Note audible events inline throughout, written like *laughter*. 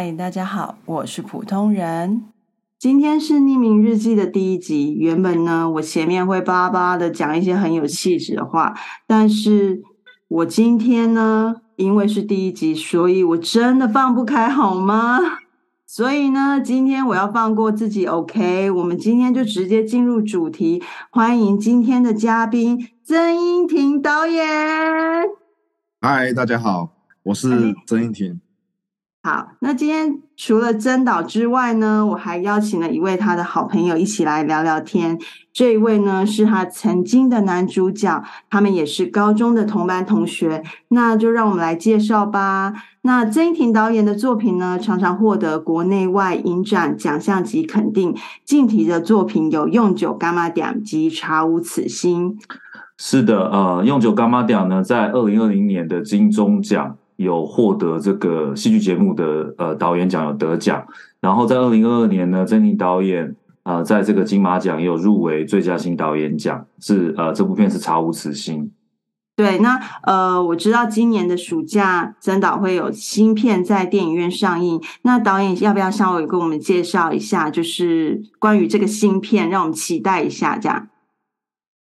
嗨，大家好，我是普通人。今天是匿名日記的第一集。原本呢，我前面會巴巴的講一些很有氣質的話，但是我今天呢，因為是第一集，所以我真的放不開，好嗎？所以呢，今天我要放過自己，OK？我們今天就直接進入主題。歡迎今天的嘉賓曾英庭導演。嗨，大家好，我是曾英庭。好，那今天除了曾導之外呢，我還邀請了一位他的好朋友一起來聊聊天。這一位呢，是他曾經的男主角，他們也是高中的同班同學。那就讓我們來介紹吧。那曾英庭導演的作品呢，常常獲得國內外影展獎項及肯定。近期的作品有《用九柑仔店》及《查無此心》。是的，呃，《用九柑仔店》呢，在二零二零年的金鐘獎。有獲得這個戲劇節目的呃導演獎，有得獎。然後在二零二二年呢，曾導導演啊、呃，在這個金馬獎也有入圍最佳新導演獎，是呃這部片是《查無此心》。對，那呃我知道今年的暑假曾導會有新片在電影院上映，那導演要不要稍微跟我們介紹一下，就是關於這個新片，讓我們期待一下這樣。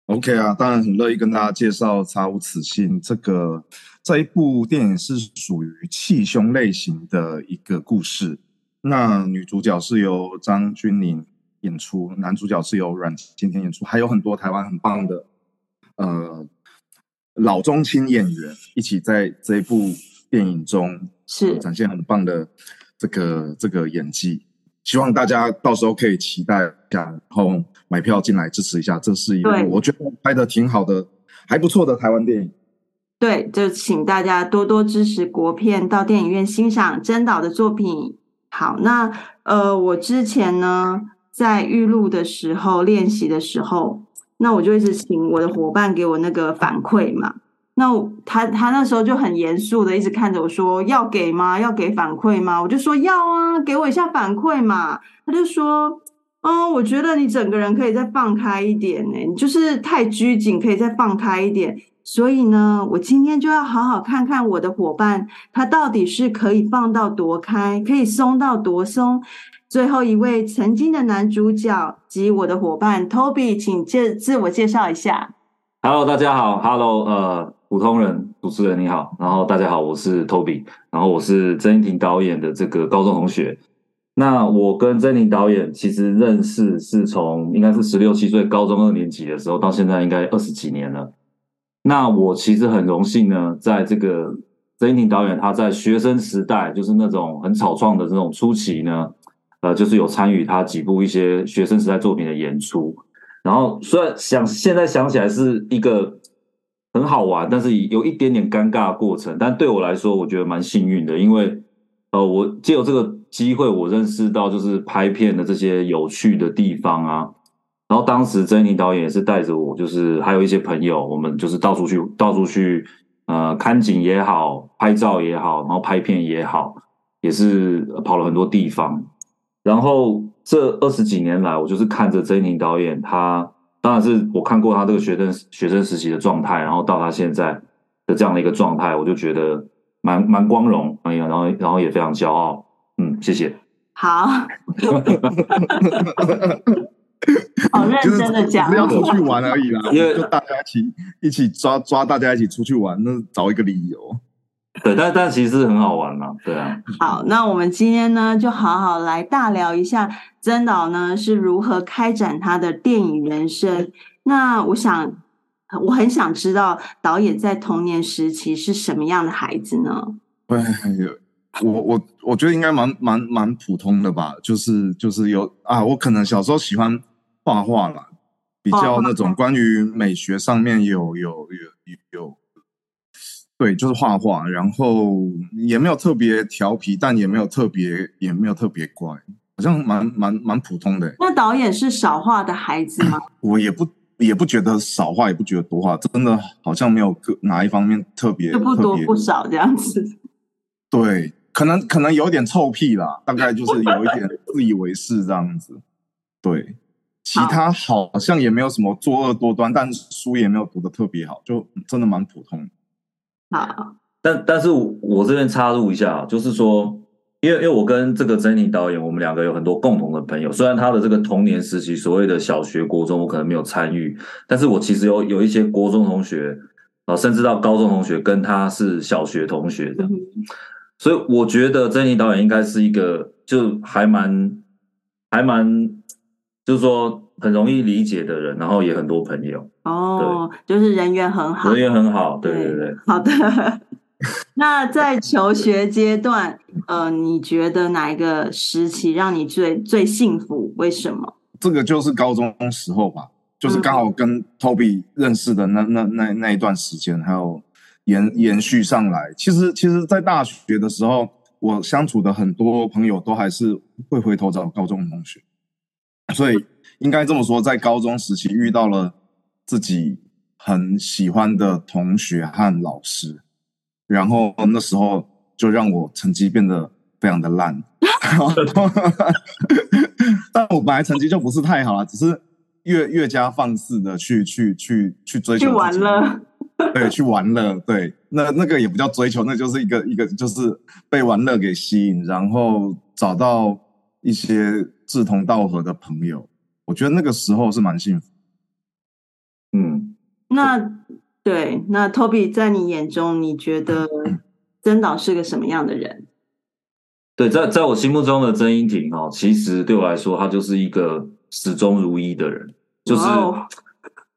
OK 啊，當然很樂意跟大家介紹《查無此心》這個。這一部電影是屬於氣胸類型的一個故事。那女主角是由張鈞甯演出，男主角是由阮經天演出，還有很多台灣很棒的呃老中青演員一起在這一部電影中是、呃、展現很棒的這個這個演技。希望大家到時候可以期待然後買票進來支持一下。這是一部我覺得拍得挺好的、還不錯的台灣電影。對，就請大家多多支持國片，到電影院欣賞曾導的作品。好，那呃，我之前呢，在預錄的時候練習的時候，那我就一直請我的夥伴給我那個反饋嘛。那他他那時候就很嚴肅的一直看着我說，要給嗎？要給反饋嗎？我就說要啊，給我一下反饋嘛。他就說，嗯，我覺得你整個人可以再放開一點呢、欸，你就是太拘謹，可以再放開一點。所以呢，我今天就要好好看看我的夥伴，他到底是可以放到多開，可以鬆到多鬆。最後一位曾經的男主角及我的夥伴 Toby，請介自我介紹一下。Hello，大家好。Hello，呃，普通人，主持人你好。然後大家好，我是 Toby。然後我是曾英庭導演的這個高中同學。那我跟曾英庭導演其實認識是從應該是十六七歲高中二年級的時候，到現在應該二十幾年了。那我其實很榮幸呢，在這個曾英庭導演，他在學生時代，就是那種很草創的這種初期呢，呃，就是有參與他幾部一些學生時代作品的演出。然後雖然想現在想起來是一個很好玩，但是有一點點尷尬的過程。但對我來說，我覺得蠻幸運的，因為呃，我借由這個機會，我認識到就是拍片的這些有趣的地方啊。然後當時曾英庭導演也是帶着我，就是還有一些朋友，我們就是到處去，到處去，呃，看景也好，拍照也好，然後拍片也好，也是跑了很多地方。然後這二十幾年來，我就是看着曾英庭導演，他當然是我看過他這個學生學生時期的狀態，然後到他現在的這樣的一個狀態，我就覺得蠻蠻光榮，哎呀，然後然後也非常驕傲。嗯，謝謝。好。 *laughs* *laughs* 認真的講，就是只是要出去玩而已啦， *laughs* 因為就大家一起一起抓抓，大家一起出去玩，那找一個理由。對，但但其實很好玩嘛，啊，對啊。好，那我們今天呢，就好好來大聊一下曾導呢是如何開展他的電影人生。那我想，我很想知道導演在童年時期是什麼樣的孩子呢？哎呀，我我我覺得應該蠻蠻蠻普通的吧，就是就是有啊，我可能小時候喜歡。畫畫啦，比較那種關於美學上面有有有有，有，對，就是畫畫。然後也沒有特別調皮，但也沒有特別，也沒有特別乖，好像蠻蠻蠻普通的、欸。那導演是少畫的孩子嗎？我也不也不覺得少畫，也不覺得多畫，真的好像沒有個哪一方面特別，不多特不少這樣子。對，可能可能有點臭屁啦，大概就是有一點自以為是這樣子。對。其他好像也沒有什麼作惡多端，但書也沒有讀得特別好，就真的蠻普通的。好，但但是，我這邊插入一下，就是說，因為因為我跟這個珍妮導演，我們兩個有很多共同的朋友。雖然他的這個童年時期，所謂的小學、國中，我可能沒有參與，但是我其實有有一些國中同學啊，甚至到高中同學跟他是小學同學的，所以我覺得珍妮導演應該是一個，就還蠻還蠻。就是說很容易理解的人，然後也很多朋友哦，就是人緣很好，人緣很好，對對對，好的。 *laughs* 那在求學階段，呃，你覺得哪一個時期讓你最最幸福？為什麼？這個就是高中時候吧，就是剛好跟 Toby 認識的那、嗯、那那那一段時間，還有延延續上來。其實其實，在大學的時候，我相處的很多朋友都還是會回頭找高中同學。所以應該這麼說，在高中時期遇到了自己很喜歡的同學和老師，然後那時候就讓我成績變得非常的爛。 *laughs* *laughs* 但我本來成績就不是太好啦，只是越越加放肆的去去去去追求。去玩樂，對，去玩樂，對，那那個也不叫追求，那就是一個一個就是被玩樂給吸引，然後找到一些志同道合的朋友，我覺得那個時候是蠻幸福。嗯，那對那 Toby 在你眼中，你覺得曾導是個什麼樣的人？對，在在我心目中的曾英庭哦，其實對我來說，他就是一個始終如一的人，就是、wow.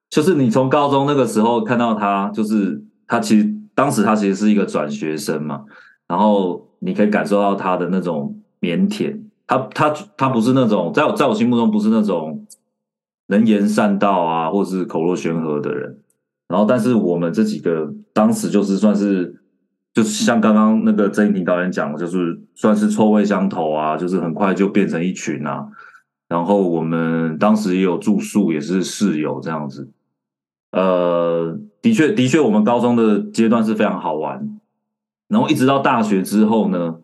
就是你從高中那個時候看到他，就是他其實當時他其實是一個轉學生嘛，然後你可以感受到他的那種靦腆。他他他不是那種，在我在我心目中不是那種能言善道啊，或是口若懸河的人。然後，但是我們這幾個當時就是算是，就是像剛剛那個曾英庭導演講的，就是算是臭味相投啊，就是很快就變成一群啊。然後我們當時也有住宿，也是室友這樣子。呃，的確，的確，我們高中的階段是非常好玩。然後一直到大學之後呢？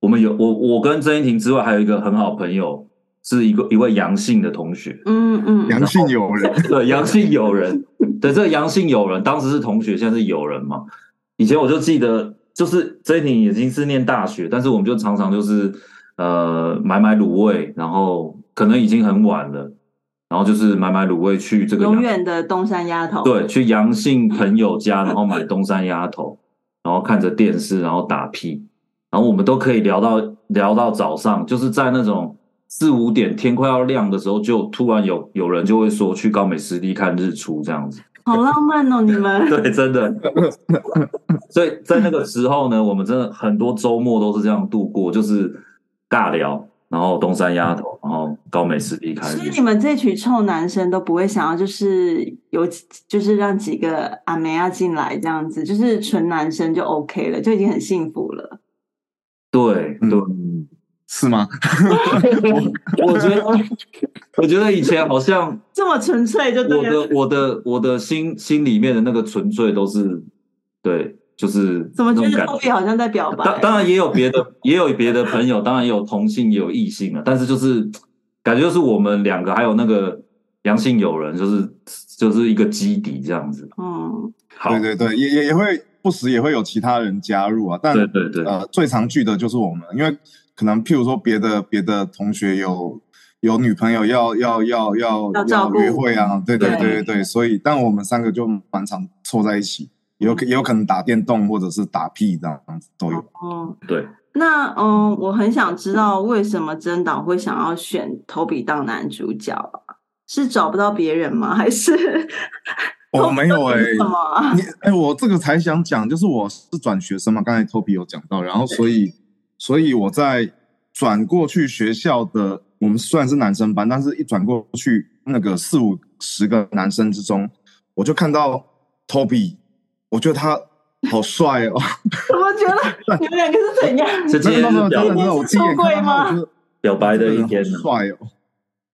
我們有我我跟曾英庭之外，還有一個很好朋友，是一個一位楊姓的同學。嗯嗯嗯，楊姓友人，對，楊姓友人， *laughs* 對，這個楊姓友人當時是同學，現在是友人嘛。以前我就記得，就是曾英庭已經是念大學，但是我們就常常就是呃買買滷味，然後可能已經很晚了，然後就是買買滷味去這個永遠的東山鴨頭，對，去楊姓朋友家，然後買東山鴨頭， *laughs* 然後看着電視，然後打屁。然後我們都可以聊到聊到早上，就是在那種四五點天快要亮的時候，就突然有有人就會說去高美濕地看日出這樣子，好浪漫哦！你們 *laughs* 對真的， *laughs* 所以在那個時候呢，我們真的很多周末都是這樣度過，就是尬聊，然後東山鴨頭，嗯、然後高美濕地看日出。所以你們這群臭男生都不會想要，就是有就是讓幾個阿妹仔進來這樣子，就是純男生就 OK 了，就已經很幸福了。對、嗯，對，是嗎？ *laughs* 我？我覺得，我覺得以前好像這麼純粹就對，就我的我的我的心心裡面的那個純粹都是對，就是怎麼覺得後面好像在表白、啊？當當然也有別的，也有別的朋友，當然也有同性，也有異性啊。但是就是感覺就是我們兩個，還有那個陽性友人，就是就是一個基底這樣子。嗯，好，對對對，也也也會。不時也會有其他人加入啊，但對對，對呃，最常聚的就是我們，因為可能譬如說別的別的同學有有女朋友要要要要要，要約會啊，對對對對，對所以但我們三個就蠻常湊在一起，嗯、有可也有可能打電動或者是打屁這樣子都有。哦，哦，對，那嗯，我很想知道為什麼曾導會想要選投筆當男主角啊？是找不到別人嗎？還是？ *laughs* 我、哦、沒有哎、欸啊，你哎、欸，我這個才想講，就是我是轉學生嘛，剛才 Toby 有講到，然後所以所以我在轉過去學校的，我們雖然是男生班，但是一轉過去那個四五十個男生之中，我就看到 Toby，我覺得他好帥哦，我 *laughs* 覺得你們兩個是怎樣？是今天是表白嗎的、哦？表白的一天，帥哦，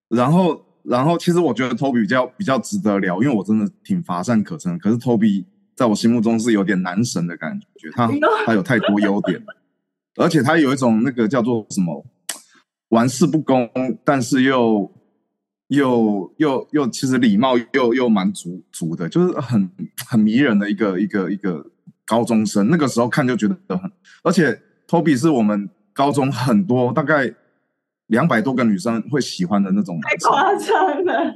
然後。然後其實我覺得 Toby 比較比較值得聊，因為我真的挺乏善可陳。可是 Toby 在我心目中是有點男神的感覺，他他有太多優點，而且他有一種那個叫做什麼玩世不恭，但是又又又又其實禮貌又又蠻足足的，就是很很迷人的一個一個一個高中生。那個時候看就覺得很，而且 Toby 是我們高中很多大概。兩百多個女生會喜歡的那種，太誇張了，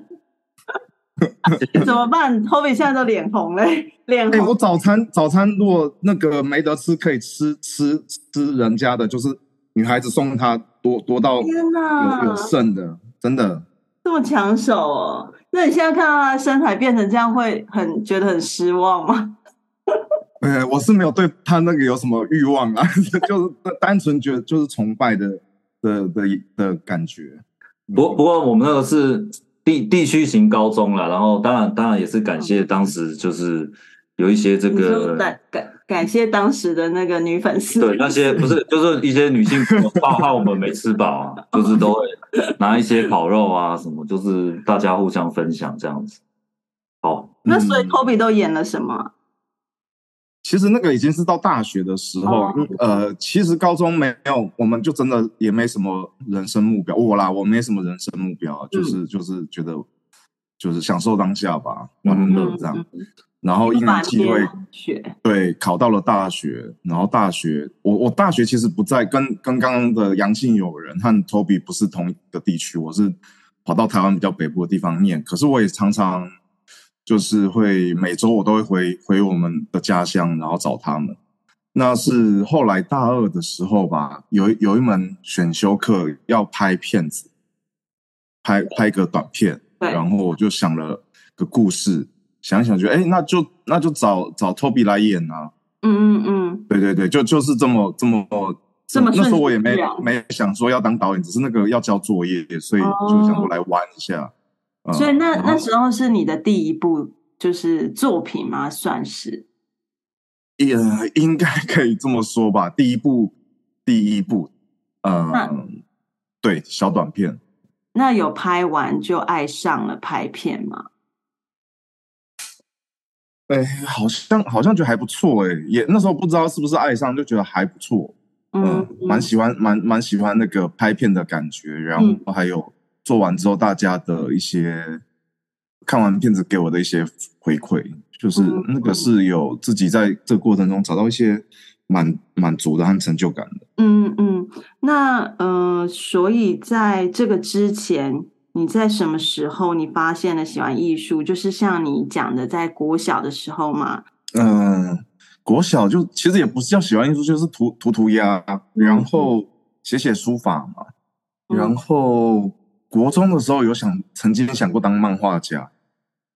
怎麼辦？Toby 現在都臉紅嘞，臉紅。我早餐早餐如果那個沒得吃，可以吃吃吃人家的，就是女孩子送她多多到天哪有有剩的，真的這麼搶手哦？那你現在看到她身材變成這樣，會很覺得很失望嗎？誒、 *laughs* 欸、我是沒有對她那個有什麼慾望啊， *laughs* 就是單純覺得就是崇拜的。的的的感覺，不不過我們那個是地地區型高中啦，然後當然當然也是感謝當時就是有一些這個、嗯、感感感謝當時的那個女粉絲，對那些不是就是一些女性朋友 *laughs* 怕我們沒吃飽啊，就是都會拿一些烤肉啊什麼，就是大家互相分享這樣子。好，嗯、那所以 Toby 都演了什麼？其實那個已經是到大學的時候，oh, okay. 呃，其實高中沒有，我們就真的也沒什麼人生目標。我啦，我沒什麼人生目標，mm. 就是就是覺得就是享受當下吧，玩樂這樣。然後因為機會對，考到了大學，然後大學我我大學其實不在跟，跟剛剛的楊姓友人和 Toby 不是同一個地區，我是跑到台灣比較北部的地方念。可是我也常常。就是會每周我都會回回我們的家鄉，然後找他們。那是後來大二的時候吧，有有一門選修課要拍片子，拍拍個短片。對。然後我就想了個故事，想一想就，誒哎，那就那就找找 Toby 來演啊。嗯嗯嗯。對對對，就就是這麼這麼這麼、啊。那時候我也沒沒想說要當導演，只是那個要交作業，所以就想過來玩一下。哦。所以那那時候是你的第一部、嗯、就是作品嗎？算是，也應該可以這麼說吧。第一部，第一部，嗯、呃，對，小短片。那有拍完就愛上了拍片嗎？哎、欸，好像好像覺得還不錯哎、欸，也那時候不知道是不是愛上，就覺得還不錯。嗯，蠻、呃、喜歡，蠻、嗯、蠻喜歡那個拍片的感覺，然後還有。嗯。做完之後，大家的一些、嗯、看完片子給我的一些回饋，就是那個是有自己在這個過程中找到一些滿滿、嗯、足的和成就感的。嗯嗯，那呃，所以在這個之前，你在什麼時候你發現了喜歡藝術？就是像你講的，在國小的時候嘛。嗯、呃，國小就其實也不是叫喜歡藝術，就是塗塗塗鴉，然後寫寫書法嘛，嗯、然後。嗯國中的時候有想曾經想過當漫畫家，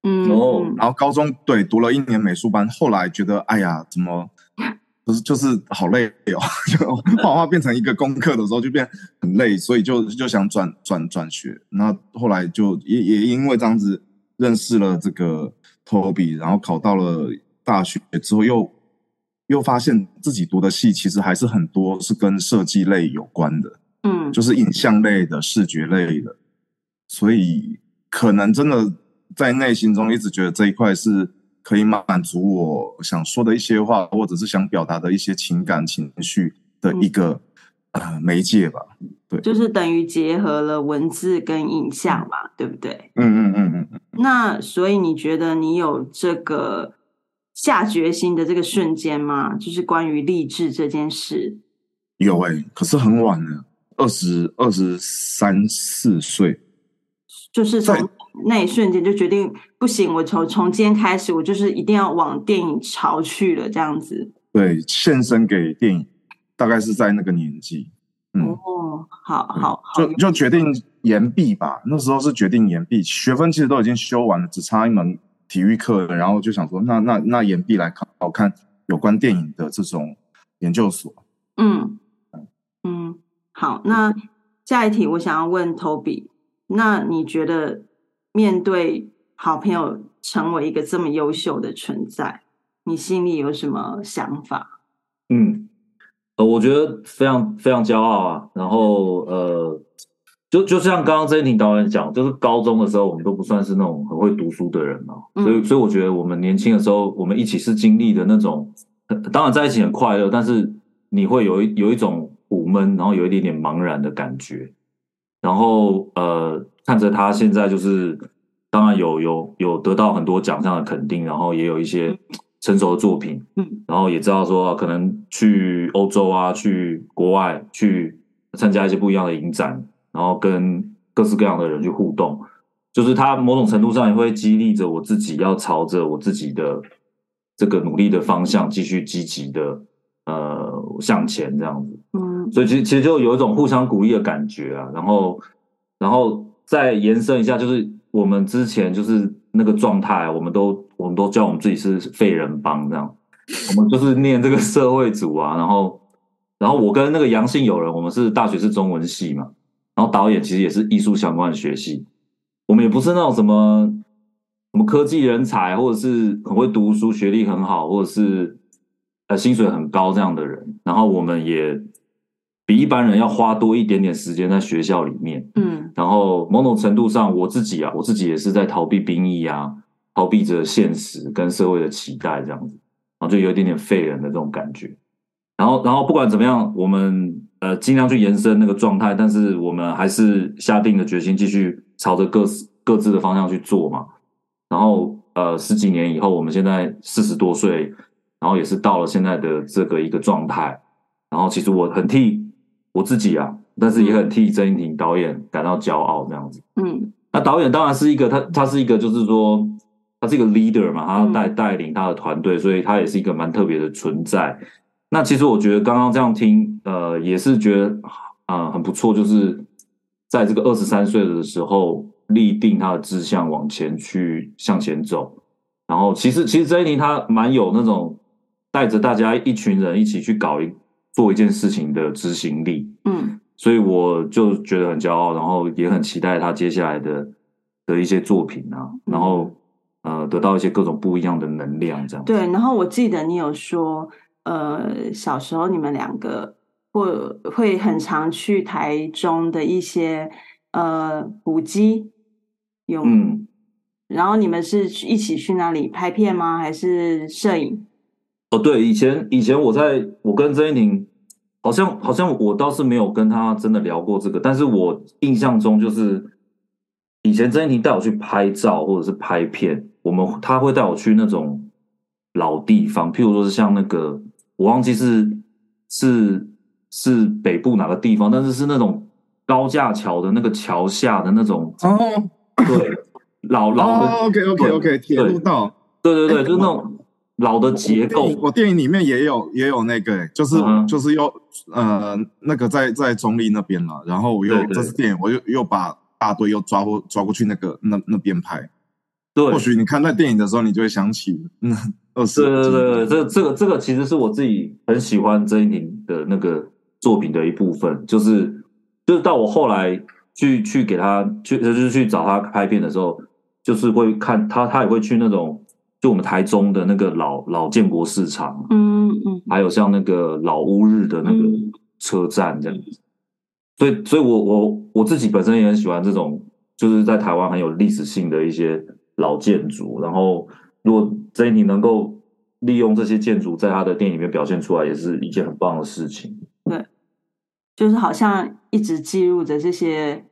嗯，然後然後高中對，讀了一年美術班，後來覺得哎呀怎麼不是，就是就是好累哦，就畫畫變成一個功課的時候就變很累，所以就就想轉轉轉學，那後，後來就也也因為這樣子認識了這個 Toby，然後考到了大學之後又又發現自己讀的系其實還是很多是跟設計類有關的，嗯，就是影像類的，視覺類的。所以可能真的在內心中一直覺得這一塊是可以滿足我想說的一些話，或者是想表達的一些情感情緒的一個、嗯、呃媒介吧。對，就是等於結合了文字跟影像嘛、嗯，對不對？嗯嗯嗯嗯嗯。那所以你覺得你有這個下決心的這個瞬間嗎、嗯？就是關於勵志這件事。有誒、欸，可是很晚了，二十二十三四歲。就是從那一瞬間就決定不行，我從從今天開始，我就是一定要往電影潮去了這樣子。對，獻身給電影，大概是在那個年紀。嗯，哦，哦，好好，好哦、就就決定延畢吧。那時候是決定延畢，學分其實都已經修完了，只差一門體育課了，然後就想說那，那那那延畢來考，考看有關電影的這種研究所。嗯嗯，好，那下一題我想要問 Toby。那你覺得面對好朋友成為一個這麼優秀的存在，你心裡有什麼想法？嗯，呃，我覺得非常非常驕傲啊。然後呃，就就像剛剛英庭導演講，就是高中的時候我們都不算是那種很會讀書的人嘛，嗯、所以所以我覺得我們年輕的時候，我們一起是經歷的那種，當然在一起很快樂，但是你會有一有一種苦悶，然後有一點點茫然的感覺。然後呃，看着他現在就是，當然有有有得到很多獎項的肯定，然後也有一些成熟的作品，嗯，然後也知道說可能去歐洲啊，去國外去參加一些不一樣的影展，然後跟各式各樣的人去互動，就是他某種程度上也會激勵着我自己要朝着我自己的這個努力的方向繼續積極的呃向前這樣子，嗯。所以其實其實就有一種互相鼓勵的感覺啊，然後，然後再延伸一下，就是我們之前就是那個狀態，我們都我們都叫我們自己是廢人幫這樣，我們就是念這個社會組啊，然後，然後我跟那個楊姓友人，我們是大學是中文系嘛，然後導演其實也是藝術相關的學系，我們也不是那種什麼什麼科技人才，或者是很會讀書、學歷很好，或者是呃薪水很高這樣的人，然後我們也。比一般人要花多一點點時間在學校裡面，嗯，然後某種程度上，我自己啊，我自己也是在逃避兵役啊，逃避着現實跟社會的期待這樣子，然後就有一點點廢人的這種感覺。然後，然後不管怎麼樣，我們呃儘量去延伸那個狀態，但是我們還是下定了決心，繼續朝着各自各自的方向去做嘛。然後呃十幾年以後，我們現在四十多歲，然後也是到了現在的這個一個狀態。然後其實我很替。我自己啊，但是也很替曾英庭導演感到驕傲，這樣子。嗯，那導演當然是一個他，他是一個就是說，他是一個 leader 嘛，他帶帶領他的團隊、嗯，所以他也是一個蠻特別的存在。那其實我覺得剛剛這樣聽，呃，也是覺得啊、呃、很不錯，就是在這個二十三歲的時候立定他的志向，往前去向前走。然後其實其實曾英庭他蠻有那種帶着大家一群人一起去搞一。做一件事情的執行力，嗯，所以我就覺得很驕傲，然後也很期待他接下來的的一些作品啊，嗯、然後呃，得到一些各種不一樣的能量這樣。對，然後我記得你有說，呃，小時候你們兩個會會很常去台中的一些呃古蹟，有嗯，然後你們是去一起去那裡拍片嗎？嗯、還是攝影？哦對，以前以前我在我跟曾英庭好像好像我倒是沒有跟他真的聊過這個，但是我印象中就是以前曾英庭帶我去拍照或者是拍片，我們他會帶我去那種老地方，譬如說是像那個我忘記是是是北部哪個地方，但是是那種高架橋的那個橋下的那種哦，對哦老老的，哦、OK OK OK 鐵路道，對對，對對，欸、就是、那種。老的結構，我電影，我電影裡面也有也有那個、欸，就是、嗯、就是又呃那個在在中立那邊了，然後我又對對對這次電影，我又又把大隊又抓過抓過去那個那那邊拍。對，或許你看那電影的時候，你就會想起嗯對對對，二十。是這這個這個其實是我自己很喜歡曾英庭的那個作品的一部分，就是就是到我後來去去給他去就是去找他拍片的時候，就是會看他他也會去那種。就我們台中的那個老老建國市場，嗯嗯，還有像那個老烏日的那個車站這樣子，嗯，所以，所以我，我我我自己本身也很喜歡這種，就是在台灣很有歷史性的一些老建築。然後，如果所以你能夠利用這些建築，在他的電影裡面表現出來，也是一件很棒的事情。對，就是好像一直記錄着這些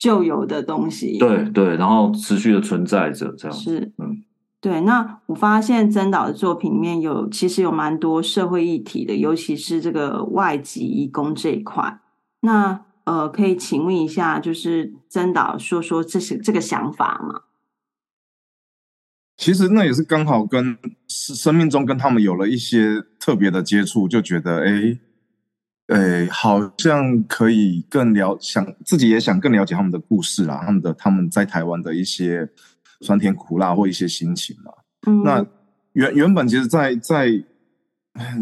舊有的東西，對對，然後持續的存在着這樣子，是嗯。對，那我發現曾導的作品裡面有其實有蠻多社會議題的，尤其是這個外籍移工這一塊。那呃，可以請問一下，就是曾導說說這些這個想法嗎？其實那也是剛好跟生命中跟他們有了一些特別的接觸，就覺得哎哎，好像可以更了想自己也想更了解他們的故事啊，他們的他們在台灣的一些。酸甜苦辣或一些心情嘛、嗯。那原原本其實在，在在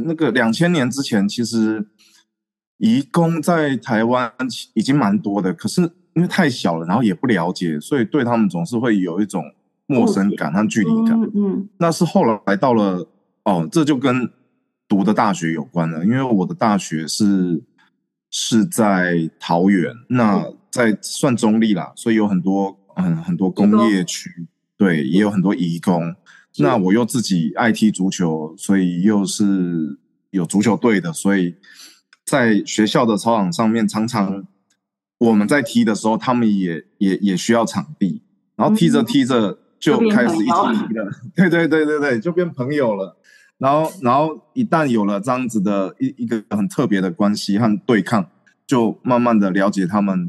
那個兩千年之前，其實移工在台灣已經蠻多的，可是因為太小了，然後也不了解，所以對他們總是會有一種陌生感和距離感。嗯，嗯，嗯。那是後來，來到了哦，這就跟讀的大學有關了，因為我的大學是是在桃園，那在算中壢啦，所以有很多，很很多工業區、這個，對，也有很多移工，這個。那我又自己愛踢足球，所以又是有足球隊的，所以在學校的操場上面，常常我們在踢的時候，他們也、嗯、也也、也需要場地，然後踢着踢着就開始一起踢了，啊、 *laughs* 對對對對對，就變朋友了。然後然後一旦有了這樣子的一一個很特別的關係和對抗，就慢慢的了解他們。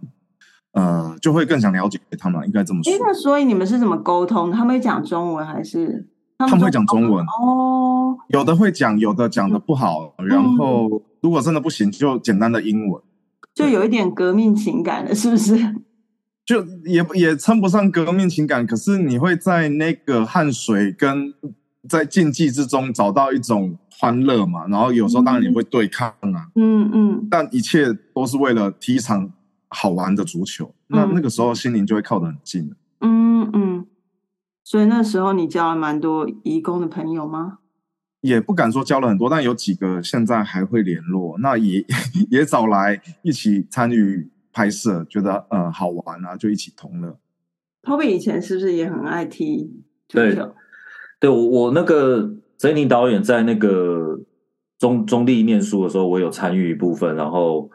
呃，就會更想了解他們，應該這麼說誒。那所以你們是怎麼溝通？他們會講中文還是？他們，他們會講中文哦。有的會講，有的講的不好。嗯、然後、嗯、如果真的不行，就簡單的英文。就有一點革命情感了，嗯、是不是？就也也稱不上革命情感，可是你會在那個汗水跟在競技之中找到一種歡樂嘛。然後有時候當然也會對抗啊。嗯嗯，嗯。但一切都是為了提倡。好玩的足球，那那個時候心靈就會靠得很近了。嗯嗯，所以那時候你交了蠻多移工的朋友嗎？也不敢說交了很多，但有幾個現在還會聯絡。那也也找來一起參與拍攝，覺得嗯、呃、好玩啊，就一起同樂。Pope 以前是不是也很愛踢足球？對，對，我我那個 Zenny 導演在那個中中立念書的時候，我有參與一部分，然後。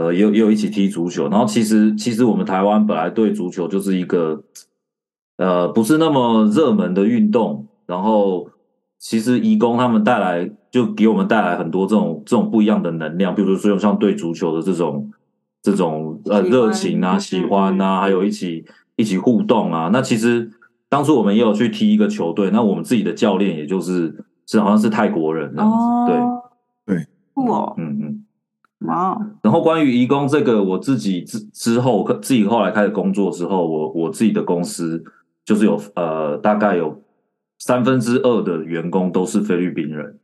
呃，也也有一起踢足球，然後其實其實我們台灣本來對足球就是一個，呃，不是那麼熱門的運動，然後其實移工他們帶來，就給我們帶來很多這種這種不一樣的能量，比如說像對足球的這種這種呃熱情啊、喜歡啊，對對，還有一起一起互動啊。那其實當初我們也有去踢一個球隊，那我們自己的教練也就是是好像是泰國人，那對、哦、對，不哦，嗯嗯。哦、wow.，然後關於移工這個，我自己之之後，自己後來開始工作之後，我我自己的公司就是有呃，大概有三分之二的員工都是菲律賓人，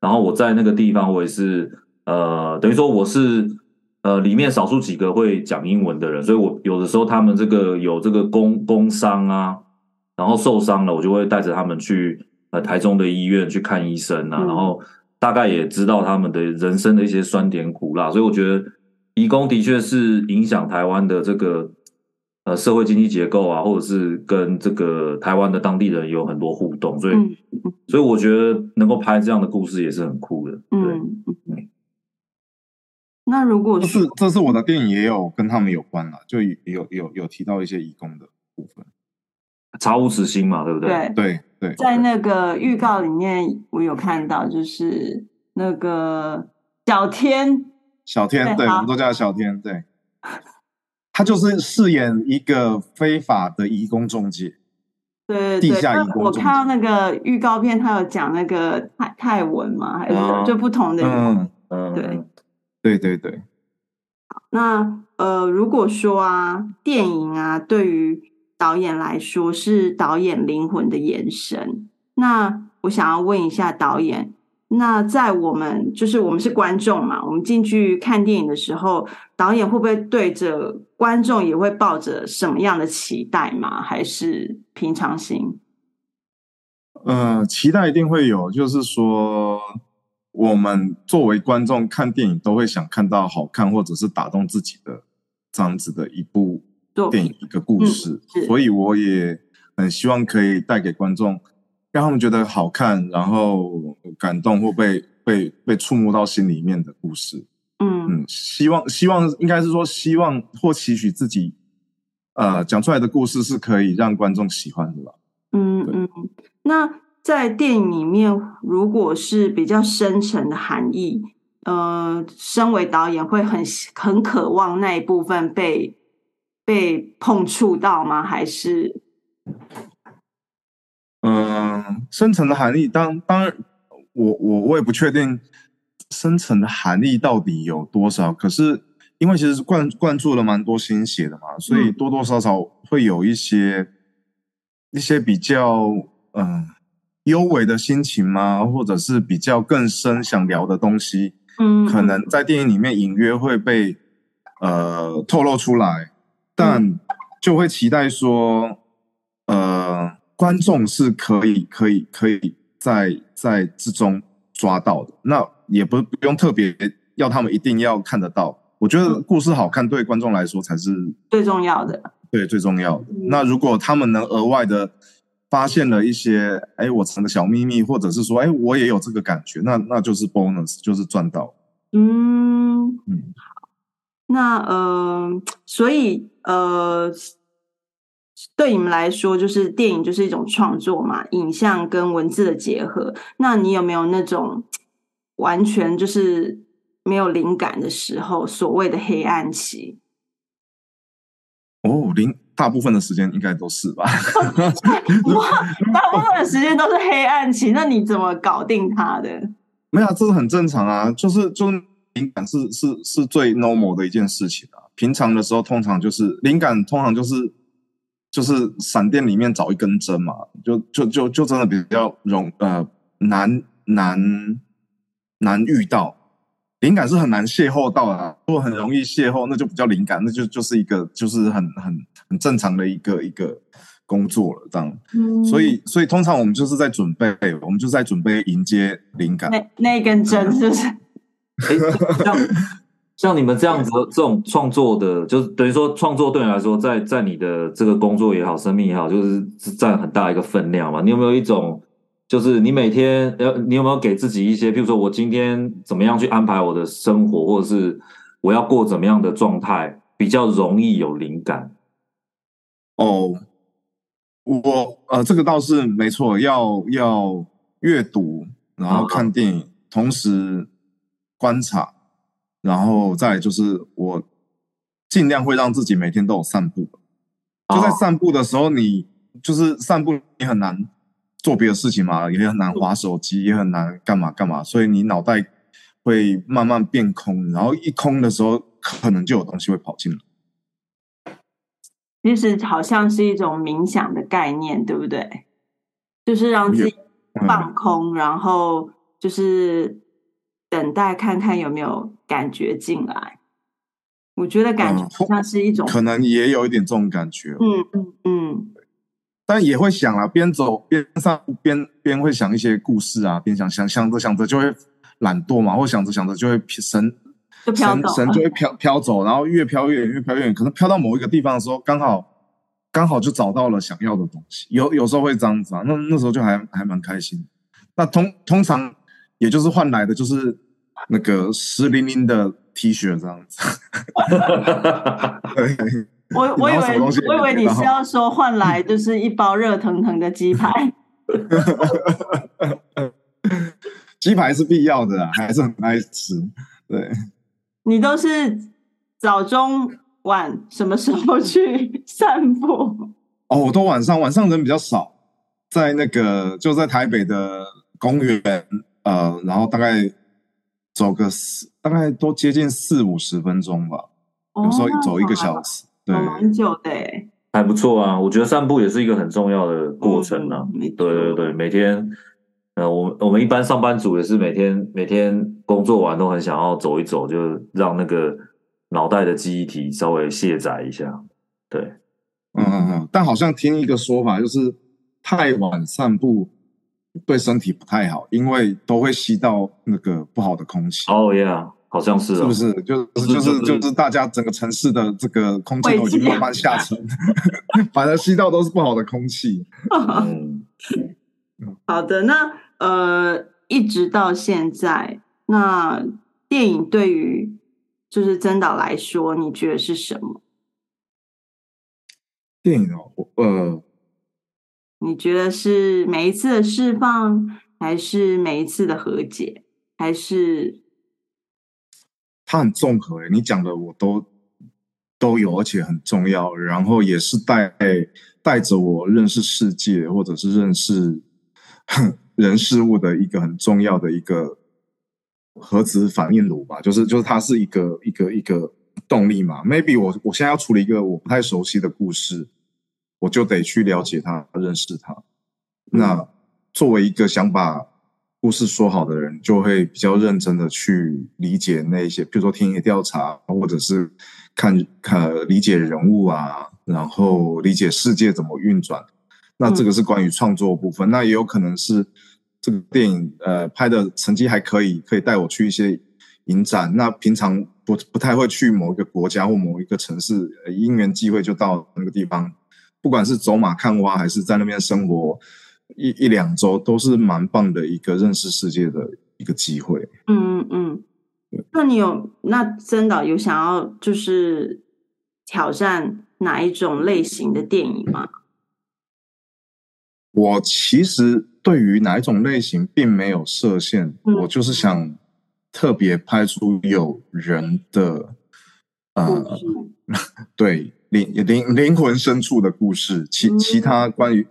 然後我在那個地方，我也是呃，等於說我是呃裡面少數幾個會講英文的人，所以我有的時候，他們這個有這個工工傷啊，然後受傷了，我就會帶着他們去呃台中的醫院去看醫生啊，然、嗯、後。大概也知道他們的人生的一些酸甜苦辣，所以我覺得，移工的確是影響台灣的這個呃社會經濟結構啊，或者是跟這個台灣的當地人有很多互動，所以、嗯、所以我覺得能夠拍這樣的故事也是很酷的。對。嗯、那如果是這是我的電影，也有跟他們有關了，就有有有提到一些移工的部分。查無此心嘛，對不對？對對，對，對。在那個預告裡面，我有看到，就是那個小天，小天，對，對，我們都叫他小天，對， *laughs* 他就是飾演一個非法的移工仲介 *laughs* 對，對，地下。我看到那個預告片，他有講那個泰泰文嘛，還是、啊、就不同的，人。嗯、對、嗯、對對，對，對。那呃，如果說啊，電影啊，嗯、對於導演來說是導演靈魂的眼神。那我想要問一下導演，那在我們就是我們是觀眾嘛，我們進去看電影的時候，導演會不會對着觀眾也會抱着什麼樣的期待嘛？還是平常心？嗯、呃，期待一定會有，就是說我們作為觀眾看電影都會想看到好看或者是打動自己的這樣子的一部。對嗯、電影一個故事，所以我也很希望可以帶給觀眾，讓他們覺得好看，然後感動或被被被觸摸到心裡面的故事。嗯嗯，希望希望應該是說希望或期許自己，呃，講出來的故事是可以讓觀眾喜歡的吧？嗯對嗯。那在電影裡面，如果是比較深沉的含義，呃，身為導演會很很渴望那一部分被。被碰觸到嗎？還是嗯、呃，深層的含義？當當然我我我也不確定深層的含義到底有多少。可是因為其實灌灌注了蠻多心血的嘛、嗯，所以多多少少會有一些一些比較嗯、呃、幽微的心情嘛，或者是比較更深想聊的東西，嗯，可能在電影裡面隱約會被呃透露出來。但就會期待說，呃，觀眾是可以、可以、可以在，在在之中抓到的。那也不不用特別要他們一定要看得到。我覺得故事好看，對觀眾來說才是最重要的。對，最重要的。嗯。那如果他們能額外的發現了一些，哎，我藏的小秘密，或者是說，哎，我也有這個感覺，那那就是 bonus，就是賺到。嗯嗯。那呃，所以呃，對你們來說，就是電影就是一種創作嘛，影像跟文字的結合。那你有沒有那種完全就是沒有靈感的時候，所謂的黑暗期？哦，靈，大部分的時間應該都是吧。哇， *laughs* *laughs* 大部分的時間都是黑暗期，那你怎麼搞定他的？沒有啊，這是很正常啊，就是就。靈感是是是最 normal 的一件事情啊。平常的時候，通常就是靈感，通常就是就是閃電裡面找一根針嘛。就就就就真的比較容呃難難難遇到。靈感是很難邂逅到啊，如果很容易邂逅，那就比較靈感，那就就是一個就是很很很正常的一個一個工作了這樣。嗯，所以所以通常我們就是在準備，我們就在準備迎接靈感。那那根針是不是？ *laughs* 哎，像 *laughs* 像你們這樣子，這種創作的，就是等於說創作對你來說，在在你的這個工作也好，生命也好，就是是占很大一個分量嘛。你有沒有一種，就是你每天要，你有沒有給自己一些，譬如說我今天怎麼樣去安排我的生活，或者是我要過怎麼樣的狀態，比較容易有靈感？哦，我呃，這個倒是沒錯，要要閱讀，然後看電影，哦、同時。觀察，然後再就是我盡量會讓自己每天都有散步。哦、就在散步的時候，你就是散步你很難做別的事情嘛，也很難滑手機，也很難幹嘛幹嘛。所以你腦袋會慢慢變空，然後一空的時候，可能就有東西會跑進來。其實、就是、好像是一種冥想的概念，對不對？就是讓自己放空，然後就是。等待看看有沒有感覺進來，我覺得感覺好像是一種、嗯，可能也有一點這種感覺，嗯嗯嗯，但也會想啊，邊走邊上邊邊會想一些故事啊，邊想想想着想着就會懶惰嘛，或想着想着就會神，神神就會飄飄走，然後越飄越遠，越飄越遠，可能飄到某一個地方的時候，剛好剛好就找到了想要的東西，有有時候會這樣子啊，那那時候就還還蠻開心，那通通常。也就是換來的就是那個濕淋淋的 T 恤這樣子， *laughs* *laughs* 我我以為我以為你是要說，換來就是一包熱騰騰的雞排 *laughs* ，雞 *laughs* *laughs* 排是必要的啊，還是很愛吃。對，你都是早中晚什麼時候去散步？哦，我都晚上，晚上人比較少，在那個就在台北的公園。呃，然後大概走個四，大概都接近四五十分鐘吧，哦、有時候走一個小時，啊、對，蠻久的，還不錯啊、嗯。我覺得散步也是一個很重要的過程呢、啊。嗯、對，對對對，每天，呃，我我們一般上班族也是每天每天工作完都很想要走一走，就讓那個腦袋的記憶體稍微卸載一下。對，嗯嗯嗯。但好像聽一個說法，就是太晚散步，對身體不太好，因為都會吸到那個不好的空氣。哦呀，好像是，哦，是不是？就是，就是就是就是大家整個城市的這個空氣都已經慢慢下沉， *laughs* 反正吸到都是不好的空氣。Oh. 嗯，好的，那呃，一直到現在，那電影對於就是曾導來說，你覺得是什麼？電影哦，呃。你覺得是每一次的釋放，還是每一次的和解，還是它很綜合欸？你講的我都都有，而且很重要。然後也是帶帶着我認識世界，或者是認識哼人事物的一個很重要的一個核子反應爐吧，就是就是它是一個一個一個動力嘛。Maybe 我我現在要處理一個我不太熟悉的故事。我就得去了解他，認識他。那作為一個想把故事說好的人，就會比較認真的去理解那一些，比如說田野調查，或者是看看理解人物啊，然後理解世界怎麼運轉。那這個是關於創作部分、嗯。那也有可能是這個電影呃拍的成績還可以，可以帶我去一些影展。那平常不不太會去某一個國家或某一個城市，因緣際會就到那個地方。不管是走馬看花，還是在那邊生活一一兩週，都是蠻棒的一個認識世界的一個機會。嗯嗯。那你有那曾導，有想要就是挑戰哪一種類型的電影嗎？我其實對於哪一種類型並沒有設限，嗯、我就是想特別拍出有人的，嗯、呃， *laughs* 對。靈靈靈魂深處的故事，其其他關於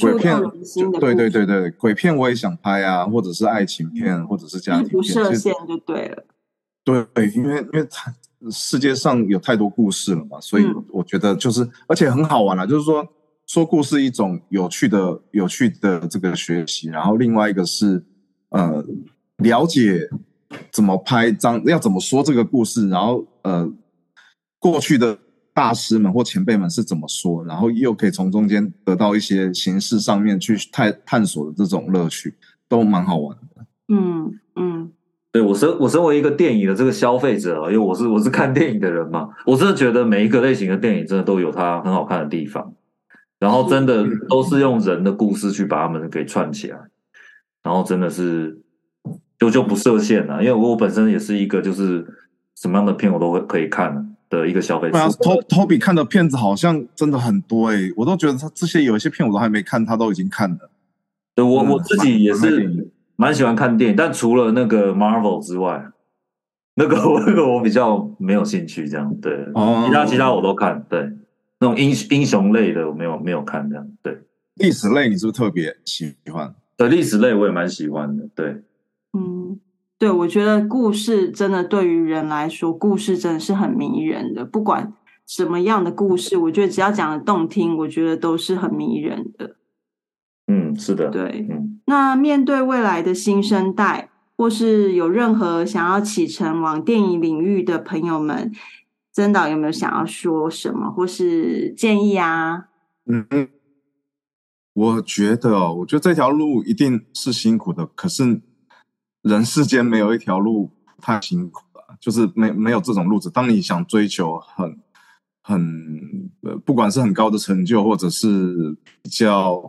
鬼片，對對對對，鬼片我也想拍啊，或者是愛情片，嗯、或者是家庭片。不設限就對了。對，因為因為他世界上有太多故事了嘛，所以我覺得就是，嗯、而且很好玩啦，就是說說故事一種有趣的有趣的這個學習，然後另外一個是呃了解怎麼拍張要怎麼說這個故事，然後呃過去的。大師們或前輩們是怎麼說，然後又可以從中間得到一些形式上面去探探索的這種樂趣，都蠻好玩的。嗯嗯，對，我身我身為一個電影的這個消費者啊，因為我是我是看電影的人嘛，我真的覺得每一個類型的電影真的都有它很好看的地方，然後真的都是用人的故事去把它們給串起來，然後真的是就就不設限了，因為我我本身也是一個就是什麼樣的片我都會可以看的。的一個消費對啊，Toby 看的片子好像真的很多誒、欸，我都覺得他這些有一些片我都還沒看，他都已經看了。對，我、嗯、我自己也是蠻喜歡看電影，電影，但除了那個 Marvel 之外，那個那個我比較沒有興趣這樣。對、哦，其他其他我都看。對，那種英英雄類的我沒有沒有看這樣。對，歷史類你是不是特別喜歡？對，歷史類我也蠻喜歡的。對。對，我覺得故事真的對於人來說，故事真的是很迷人的。不管什麼樣的故事，我覺得只要講得動聽，我覺得都是很迷人的。嗯，是的，對，對、嗯，那面對未來的新生代，或是有任何想要啟程往電影領域的朋友們，曾導有沒有想要說什麼或是建議啊？嗯，我覺得，我覺得這條路一定是辛苦的，可是。人世間沒有一條路太辛苦的，就是沒沒有這種路子。當你想追求很很呃，不管是很高的成就，或者是比較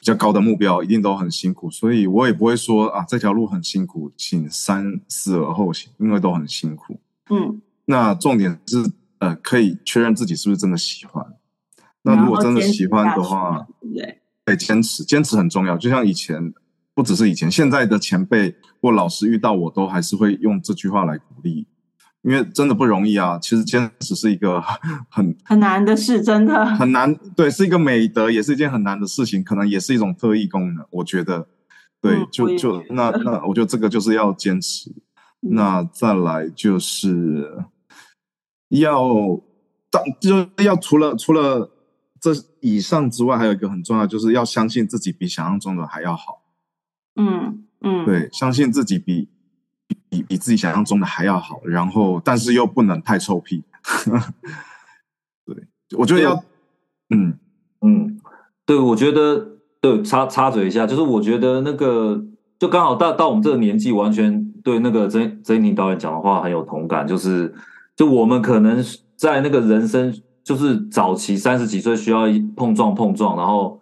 比較高的目標，一定都很辛苦。所以我也不會說啊，這條路很辛苦，請三思而後行，因為都很辛苦。嗯，那重點是呃，可以確認自己是不是真的喜歡。那如果真的喜歡的話，對，得堅持，堅持很重要，就像以前。不只是以前，現在的前輩或老師遇到我都還是會用這句話來鼓勵，因為真的不容易啊。其實堅持是一個很很難的事，真的很難。對，是一個美德，也是一件很難的事情，可能也是一種特異功能。我覺得，對，就就那那，那我覺得這個就是要堅持。那再來就是，要當就要除了除了這以上之外，還有一個很重要，就是要相信自己比想象中的還要好。嗯嗯，對，相信自己比比比自己想象中的還要好，然後但是又不能太臭屁。呵呵對，我覺得要，嗯嗯，對，我覺得對，插插嘴一下，就是我覺得那個就剛好到到我們這個年紀，完全對那個詹詹妮導演講的話很有同感，就是就我們可能在那個人生就是早期三十幾歲需要碰撞碰撞，然後。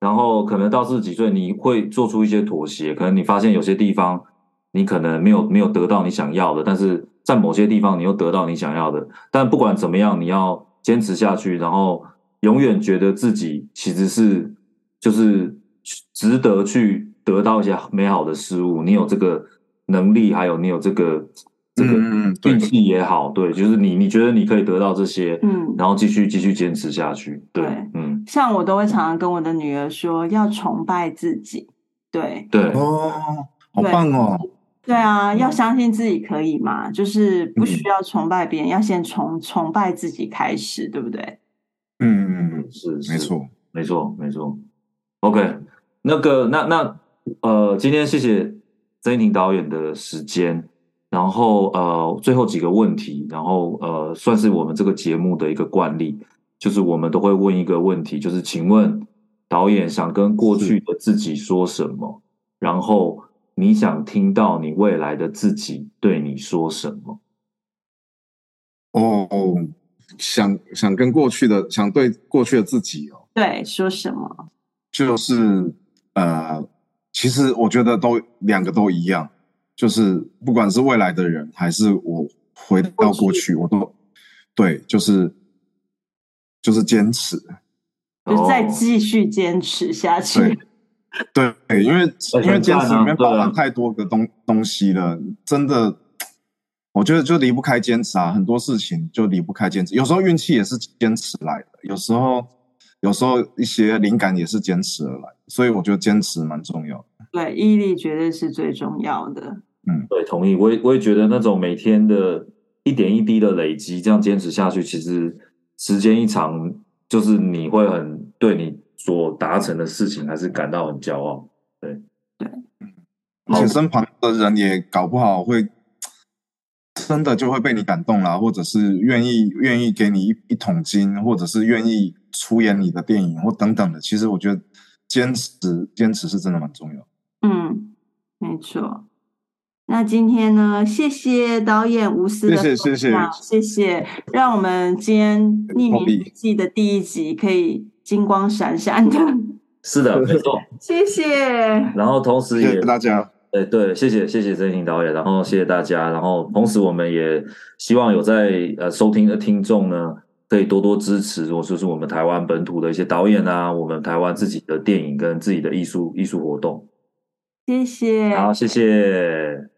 然後可能到四十幾歲，你會做出一些妥協。可能你發現有些地方你可能沒有沒有得到你想要的，但是在某些地方你又得到你想要的。但不管怎麼樣，你要堅持下去，然後永遠覺得自己其實是就是值得去得到一些美好的事物。你有這個能力，還有你有這個。嗯、這、嗯、個、嗯，運氣也好，對，就是你，你覺得你可以得到這些，嗯，然後繼續繼續堅持下去對，對，嗯。像我都會常常跟我的女兒說，要崇拜自己，對，哦、對，哦，好棒哦對，對啊，要相信自己可以嘛、嗯，就是不需要崇拜別人，要先從崇拜自己開始，對不對？嗯嗯是，是，沒錯，沒錯，沒錯。OK，那個，那那呃，今天謝謝曾英庭導演的時間。然後呃，最後幾個問題，然後呃，算是我們這個節目的一個慣例，就是我們都會問一個問題，就是請問導演想跟過去的自己說什麼？嗯、然後你想聽到你未來的自己對你說什麼？哦，想想跟過去的想對過去的自己哦，對，說什麼？就是呃，其實我覺得都兩個都一樣。就是不管是未來的人，還是我回到過去，過去，我都，對，就是就是堅持，就再繼續堅持下去。對，因為因為堅持裡面包含太多個東東西了，真的，我覺得就離不開堅持啊，很多事情就離不開堅持。有時候運氣也是堅持來的，有時候有時候一些靈感也是堅持而來，所以我覺得堅持蠻重要的。對，毅力絕對是最重要的。嗯，對，同意。我也我也覺得那種每天的一點一滴的累積，這樣堅持下去，其實時間一長，就是你會很對你所達成的事情還是感到很驕傲。對對，嗯，而且身旁的人也搞不好會真的就會被你感動啦，或者是願意願意給你一桶金，或者是願意出演你的電影或等等的。其實我覺得堅持堅持是真的蠻重要。嗯，沒錯。那今天呢？謝謝導演無私的捧場，謝謝，讓我們今天《匿名記》的第一集可以金光閃閃的。是的，沒錯。 *laughs* 謝謝。然後同時也謝謝大家，哎，對，謝謝，謝謝曾英庭導演，然後謝謝大家，然後同時我們也希望有在呃收聽的聽眾呢，可以多多支持，如果說是我們台灣本土的一些導演啊，我們台灣自己的電影跟自己的藝術藝術活動。謝謝。好，謝謝。